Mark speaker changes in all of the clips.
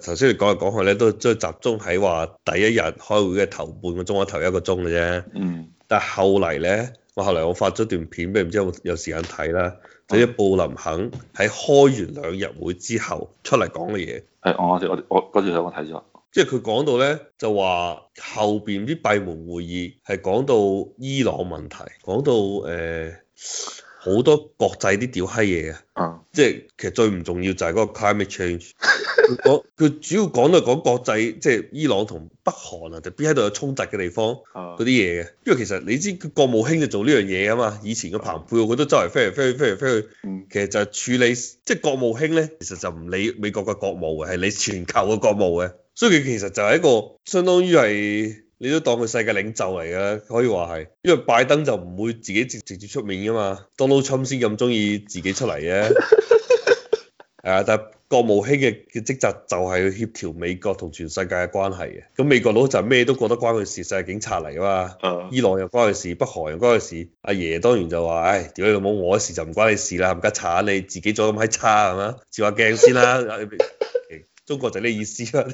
Speaker 1: 頭先你講嚟講去咧，都即係集中喺話第一日開會嘅頭半個鐘或者頭一個鐘嘅啫。嗯。但係後嚟咧，我後嚟我發咗段片俾你，唔知有冇時間睇啦。就係布林肯喺開完兩日會之後出嚟講嘅嘢。係、嗯嗯嗯，我
Speaker 2: 我我嗰時我睇咗。
Speaker 1: 即係佢講到咧，就話後邊啲閉門會議係講到伊朗問題，講到誒。哎好多國際啲屌閪嘢啊！即係、uh, 其實最唔重要就係嗰個 climate change。佢講佢主要講就係講國際，即係伊朗同北韓啊，定邊喺度有衝突嘅地方嗰啲嘢嘅。因為其實你知國務卿就做呢樣嘢啊嘛。以前嘅彭佩奧佢都周圍飛嚟飛去飛嚟飛去，其實就係處理即係、uh, 國務卿咧，其實就唔理美國嘅國務嘅，係理全球嘅國務嘅。所以佢其實就係一個相當於係。你都當佢世界領袖嚟嘅，可以話係，因為拜登就唔會自己直直接出面噶嘛，Donald Trump 先咁中意自己出嚟嘅，誒，但國務卿嘅嘅職責就係要協調美國同全世界嘅關係嘅，咁美國佬就咩都覺得關佢事，世界警察嚟噶嘛，伊朗又關佢事，北韓又關佢事，阿爺當然就話，唉，屌你老母，我嘅事就唔關你事啦，唔該查下你自己做咁閪差係嘛？照下鏡先啦，中國就呢意思啦。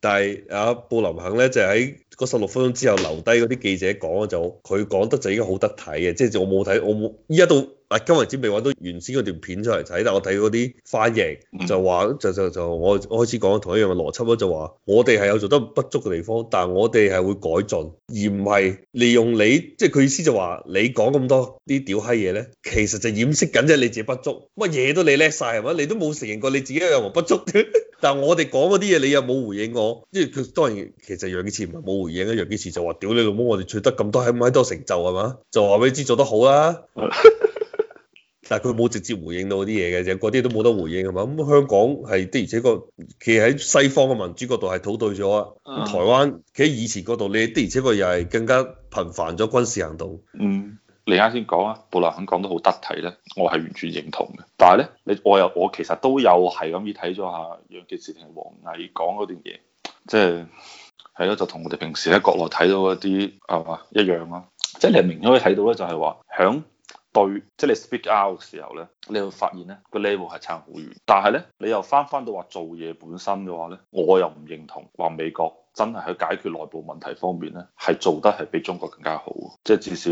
Speaker 1: 但係啊，布林肯咧就喺嗰十六分鐘之後留低嗰啲記者講就，佢講得就已經好得體嘅，即係我冇睇，我冇依家到今日先未揾到原先嗰段片出嚟睇，但我睇嗰啲翻譯就話就就就我我開始講同一樣嘅邏輯咯，就話我哋係有做得不足嘅地方，但係我哋係會改進，而唔係利用你，即係佢意思就話你講咁多啲屌閪嘢咧，其實就掩飾緊即係你自己不足，乜嘢都你叻晒，係咪？你都冇承認過你自己有任何不足 但係我哋講嗰啲嘢，你又冇回應我。因為佢當然，其實楊潔篪唔係冇回應嘅，楊潔篪就話： 屌你老母，我哋取得咁多，有冇咁多成就係嘛？就話畀你知做得好啦，啊。 但係佢冇直接回應到嗰啲嘢嘅啫，嗰啲都冇得回應係嘛？咁香港係的而且確，企喺西方嘅民主角度係土對咗啊。嗯、台灣企喺以前角度，你的而且確又係更加頻繁咗軍事行動。嗯。
Speaker 2: 你啱先講啊，布蘭肯講得好得體咧，我係完全認同嘅。但係咧，你我又我其實都有係咁樣睇咗下楊潔篪同王毅講嗰段嘢，即係係咯，就同、是、我哋平時喺國內睇到嗰啲係嘛一樣咯。即、就、係、是、你明顯可以睇到咧，就係話響對，即係你 speak out 嘅時候咧，你會發現咧個 level 係差好遠。但係咧，你又返返到話做嘢本身嘅話咧，我又唔認同話美國。真係喺解決內部問題方面呢，係做得係比中國更加好的，即至少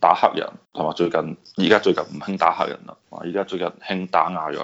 Speaker 2: 打黑人同埋最近，依家最近唔興打黑人啦，哇！依家最近興打亞裔。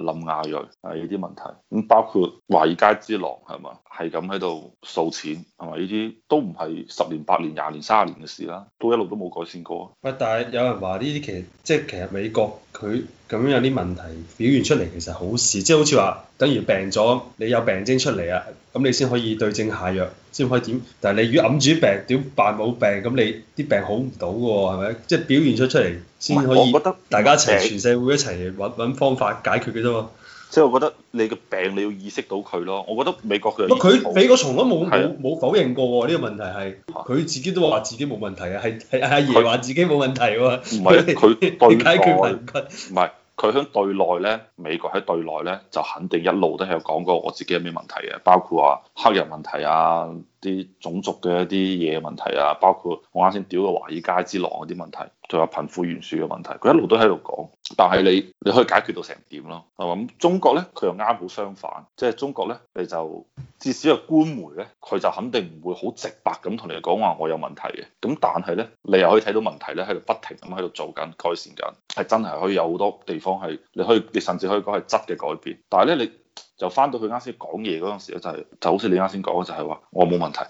Speaker 2: 林亞瑞係呢啲問題，咁包括華爾街之狼係嘛，係咁喺度掃錢係嘛，呢啲都唔係十年八年廿年卅年嘅事啦，都一路都冇改善過。
Speaker 1: 喂，但係有人話呢啲其實即係其實美國佢咁樣有啲問題表現出嚟，其實好事，即係好似話等於病咗，你有病徵出嚟啊，咁你先可以對症下藥。先可以點？但係你如果揞住啲病，點扮冇病咁？你啲病好唔到嘅喎，係咪？即係表現咗出嚟先可以，大家一齊，全
Speaker 2: 社會一齊揾揾方法解決嘅啫嘛。即係我覺得你嘅病你要意識到佢咯。我覺得美國嘅，唔係佢美國
Speaker 1: 從來冇冇冇否認過喎呢個問題係，佢自己都話自己冇問題啊，係係阿爺話
Speaker 2: 自己冇問題喎。唔係佢解決問題，唔係。佢響對內咧，美國喺對內咧，就肯定一路都係有講過我自己有咩問題嘅，包括話黑人問題啊。啲種族嘅一啲嘢問題啊，包括我啱先屌嘅華爾街之狼嗰啲問題，仲有貧富懸殊嘅問題，佢一路都喺度講，但係你你可以解決到成點咯。啊，咁中國咧，佢又啱好相反，即係中國咧，你就至少個官媒咧，佢就肯定唔會好直白咁同你講話我有問題嘅。咁但係咧，你又可以睇到問題咧喺度不停咁喺度做緊改善緊，係真係可以有好多地方係你可以，你甚至可以講係質嘅改變。但係咧，你。就翻到佢啱先講嘢嗰陣時咧，就係、是、就好似你啱先講嘅，就係、是、話我冇問題，係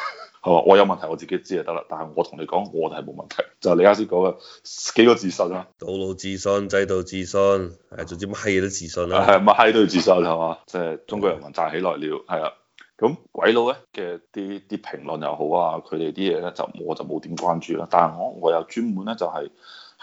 Speaker 2: 我有問題我自己知就得啦。但係我同你講，我係冇問題。就是、你啱先講嘅幾個自信啊，道路自信、制度自信，誒，總之乜閪嘢都自信啦、啊，係乜閪都要自信係嘛？即係、就是、中國人民站起來了，係啊。咁鬼佬咧嘅啲啲評論又好啊，佢哋啲嘢咧就我就冇點關注啦。但係我我又專門咧就係、是、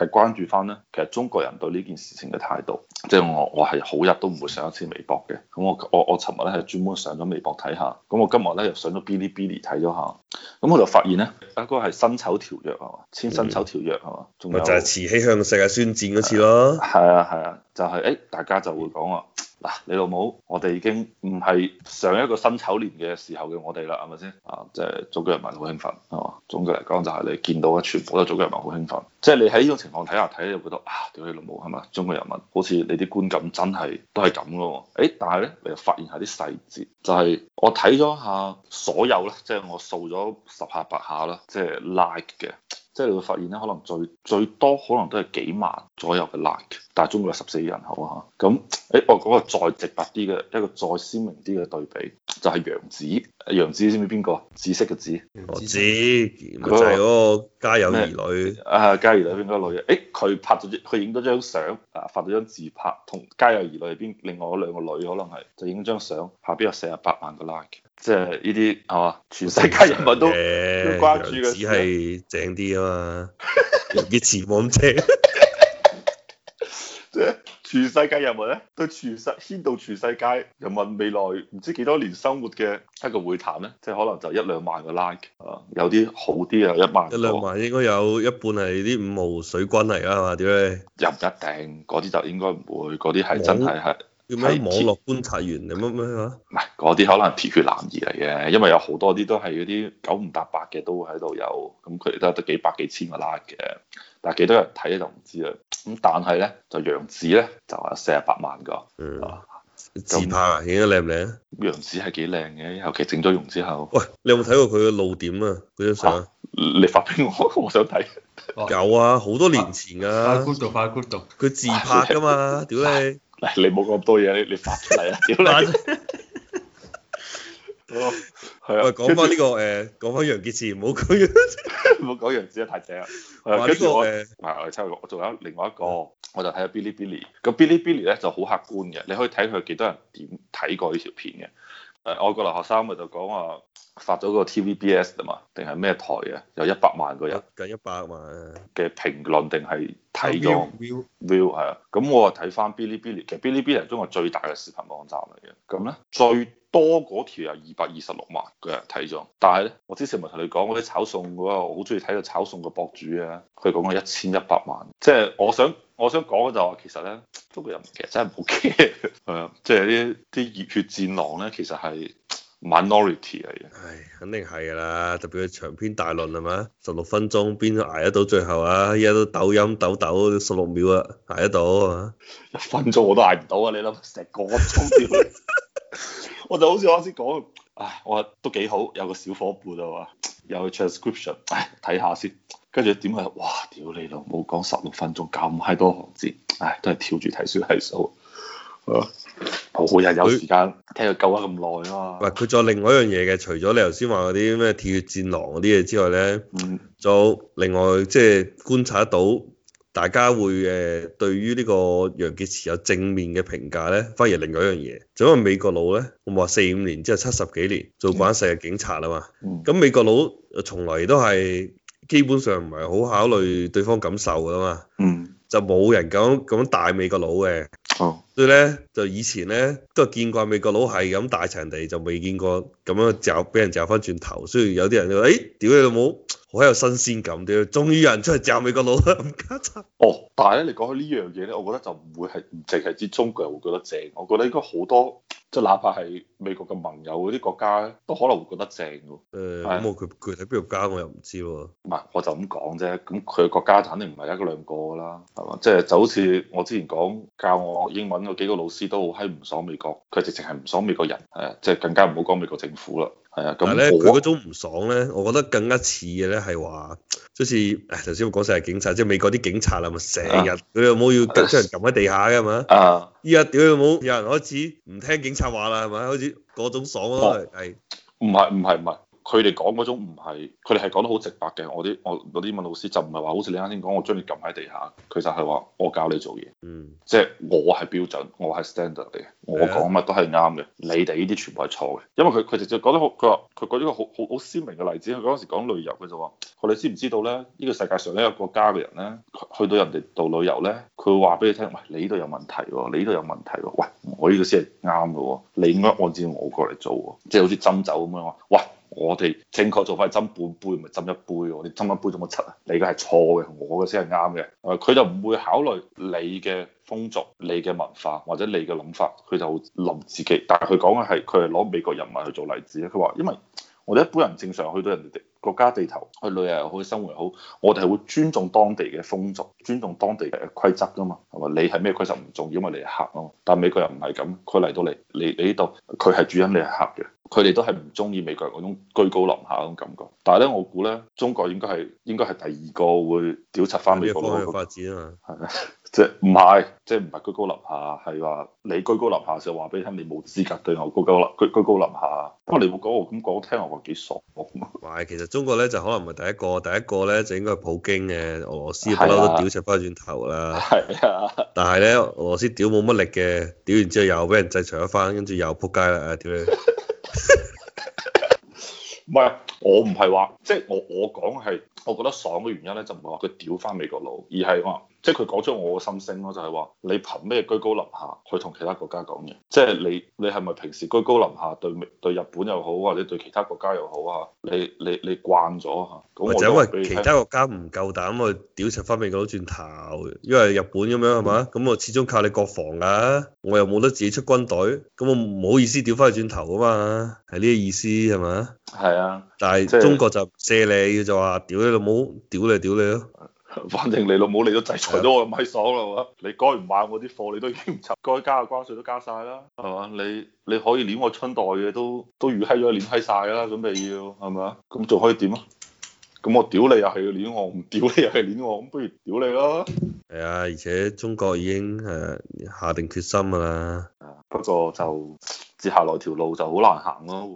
Speaker 2: 係關注翻咧，其實中國人對呢件事情嘅態度，即係我我係好日都唔會上一次微博嘅。咁我我我尋日咧係專門上咗微博睇下。咁我今日咧又上咗嗶哩嗶哩睇咗下。咁我就發現咧，啊、那、嗰個係辛丑條約啊嘛，簽辛丑條約係嘛，仲咪、嗯、有就係慈禧向世界宣戰嗰次咯。係啊係啊，啊，啊，就係、是、誒、哎，大家就會講話。嗱，你老母，我哋已經唔係上一個辛丑年嘅時候嘅我哋啦，係咪先？啊，即係中國人民好興奮，係、啊、嘛？總結嚟講就係你見到嘅全部都中國人民好興奮。即係你喺呢種情況睇下睇咧，你會覺得啊，屌你老母係嘛？中國人民好似你啲觀感真係都係咁咯。誒，但係咧，你又發現下啲細節，就係、是、我睇咗下所有啦，即係我掃咗十下八下啦，即係 like 嘅。即係你會發現，咧，可能最最多可能都係幾萬左右嘅 like，但係中國有十四億人口啊，吓咁誒，我講個再直白啲嘅，一個再鮮明啲嘅對比，就係、是、楊紫。楊紫知唔知邊個？紫色嘅紫？紫，佢咪就係嗰個家有兒女啊，家有兒女邊個女？誒、欸，佢拍咗佢影咗張相，啊，發咗張自拍，同家有兒女邊另外嗰兩個女，可能係就影張相，下邊有四十八萬個 like，即係呢啲係嘛？全世界人民都都關注嘅，只係正啲啊嘛，熱詞冇咁正。 全世界人民咧，對全世界牽導全世界人民未來唔知幾多年生活嘅一個會談咧，即係可能就一兩萬個 like 啊，有啲好啲又一萬。一
Speaker 1: 兩萬應該有一半係啲五毛水軍嚟啊嘛？點咧？
Speaker 2: 又唔一定，嗰啲就應該唔會，嗰啲係真係係。
Speaker 1: 要喺網絡觀察員你乜乜
Speaker 2: 啊？唔係，嗰啲可能鐵血男兒嚟嘅，因為有好多啲都係嗰啲九唔搭八嘅，都會喺度有，咁佢哋都係得幾百幾千個 like 嘅，但係幾多人睇咧就唔知啦。咁但係咧就楊紫咧就四十八萬個，嗯，啊、自拍影得靚唔靚？那楊紫係幾靚嘅，後期整咗容之後。
Speaker 1: 喂，你有冇睇過佢嘅露點啊？嗰張相，
Speaker 2: 你發俾我，我想睇。
Speaker 1: 有啊，好多年前噶、啊。快閂、啊，快閂。佢自拍噶嘛？屌 你！嗱，你冇咁多嘢，你你發出嚟啊！屌你！
Speaker 2: 係啊，喂，講翻呢個
Speaker 1: 誒，講翻楊潔篪，唔好
Speaker 2: 講，唔好講楊潔篪啊，太正啦。
Speaker 1: 話呢、這個誒，
Speaker 2: 係，呃、我哋抽我仲有另外一個，嗯、我就睇下 Bilibili 咁 Bilibili 咧就好客觀嘅，你可以睇佢有幾多人點睇過呢條片嘅。誒、呃，外國留學生咪就講話、啊。發咗個 TVBS 啊嘛，定係咩台啊？有一百萬個人，計一百萬嘅評論定係睇咗 view view 係啊。咁我又睇翻 Bilibili，其實 Bilibili 係中國最大嘅視頻網站嚟嘅。咁咧最多嗰條有二百二十六萬嘅人睇咗。但係咧，我之前咪同你講嗰啲炒餸嗰個，我好中意睇個炒餸嘅博主啊。佢講咗一千一百萬，即係我想我想講嘅就係話，其實咧中國人其實真係冇 care。係 啊，即係啲啲熱血戰狼咧，其實係。minority 嚟嘅，唉 Minor、哎，肯定係噶啦，特別係長篇
Speaker 1: 大論係嘛，十六分鐘邊度挨得到最後啊？依家都抖音抖抖十六秒啊，
Speaker 2: 挨得到啊？ 一分鐘我都挨唔到啊！你諗成個鐘屌， 我就好似我啱先講，唉，我話都幾好有個小伙伴啊嘛，有個 transcription，唉，睇下先，跟住點啊？哇，屌你老母，講十六分鐘咁閪多行字，唉，都係跳住睇書係數。 冇人有時間他聽佢救咗咁耐
Speaker 1: 啊嘛！唔，佢再另外一樣嘢嘅，除咗你頭先話嗰啲咩《鐵血戰狼》嗰啲嘢之外咧、嗯，就另外即係觀察到大家會誒對於呢個楊潔篪有正面嘅評價咧，反而另外一樣嘢就因為美國佬咧，我話四五年之後七十幾年做慣世界警察啊嘛，咁、嗯、美國佬從來都係基本上唔係好考慮對方感受噶嘛，嗯，就冇人咁咁大美國佬嘅。哦，所以咧就以前咧都係見過美國佬係咁大場地，就未見過咁樣嚼俾人嚼翻轉頭。雖然有啲人就誒、欸，屌你老母，好有新鮮感啲，終於有人出去嚼美國佬啦！唔
Speaker 2: 哦，但係咧，你講起呢樣嘢咧，我覺得就唔會係淨係知中國人會覺得正，我覺得應該好多。即係哪怕係美國嘅盟友嗰啲國家，都可能會覺得正喎。誒、嗯，佢佢喺邊度加我又唔知咯。唔係，我就咁講啫。咁佢嘅國家肯定唔係一個兩個㗎啦，係嘛？即係就好似我之前講教我英文嗰幾個老師都好閪唔爽美國，佢直情係唔爽美國人，係啊，即係更加唔好講美國政府啦。係啊，但係咧佢嗰種
Speaker 1: 唔爽咧，我覺得更加似嘅咧係話，即、就是誒頭先我講晒係警察，即係美國啲警察啦，係咪成日佢有
Speaker 2: 冇要將人撳喺地下嘅係咪啊？
Speaker 1: 依家屌你冇，啊、有，有，有人開始唔聽警察話啦，係咪？開始嗰種爽咯，係、啊。唔
Speaker 2: 係唔係唔係。佢哋講嗰種唔係，佢哋係講得好直白嘅。我啲我啲英文老師就唔係話好似你啱先講，我將你撳喺地下，佢就係話我教你做嘢，嗯即，即係我係標準，我係 standard 嚟嘅，
Speaker 1: 我講乜
Speaker 2: 都係啱嘅，你哋呢啲全部係錯嘅，因為佢佢直接講得好，佢話佢舉咗個好好好鮮明嘅例子，佢嗰時講旅遊佢就話，我哋知唔知道咧？呢個世界上一個國家嘅人咧，去到人哋度旅遊咧，佢會話俾你聽，喂，你都有問題喎，你都有問題喎，喂，我呢個先係啱嘅喎，你應該按照我過嚟做喎，即係好似斟酒咁樣話，喂。我哋正確做法係斟半杯，唔係斟一杯，我哋斟一杯做乜七啊，你嘅係錯嘅，我嘅先係啱嘅。誒，佢就唔會考慮你嘅風俗、你嘅文化或者你嘅諗法，佢就諗自己。但係佢講嘅係，佢係攞美國人民去做例子咧。佢話，因為我哋一般人正常去到人哋國家地頭去旅遊又好，生活又好，我哋係會尊重當地嘅風俗，尊重當地嘅規則㗎嘛。係嘛？你係咩規則唔重要，因為你係客咯。但係美國又唔係咁，佢嚟到你你你呢度，佢係主人，人，你係客嘅。佢哋都係唔中意美國人嗰種居高臨下嗰種感覺。但係咧，我估咧，中國應該係應該係第二個會屌柒翻美國嗰個發展啊嘛。即係唔係即係唔係居高臨下，係話你居高臨下就時話俾你聽，你冇資格對我居高臨居居高臨下。因為你會講我咁講，我我聽落話幾傻。唔係，其實。中國咧就可
Speaker 1: 能唔係第一個，第一個咧就應該係普京嘅，俄羅斯不嬲都屌斜翻轉頭啦。
Speaker 2: 係啊，啊
Speaker 1: 但係咧，俄羅斯屌冇乜力嘅，屌完之後又俾人制裁一翻，跟住又撲街啦
Speaker 2: 啊屌你！唔係， 我唔係話，即、就、係、係、我我講係，我覺得爽嘅原因咧，就唔係話佢屌翻美國佬，而係話。即係佢講出我個心聲咯，就係話你憑咩居高臨下去同其他國家講嘢？即係你你係咪平時居高臨下對對日本又好，或者對其他國家又好啊？你你你慣咗吓，或者因為其他國
Speaker 1: 家唔夠膽去屌柒翻美國佬轉頭，因為日本咁樣係嘛？咁、嗯、我始終靠你國防㗎、啊，我又冇得自己出軍隊，咁我唔好意思屌翻去轉頭啊嘛，係呢個意思係咪？係啊，但係中國就借你就話屌你，冇屌你屌你咯。反正你老母嚟到制裁咗我
Speaker 2: 咪爽咯，啊、你該唔買我啲貨你都已經唔湊，該加嘅關稅都加晒啦，係嘛？你你可以攣我春袋嘅都都預閪咗攣閪晒啦，準備要係嘛？咁仲可以點啊？咁我屌你又係要攣我，唔屌你又係攣我，咁不如屌你咯。係啊，而且
Speaker 1: 中國已經誒下定決心㗎啦。啊，不過就接下來條路就好難行咯、啊。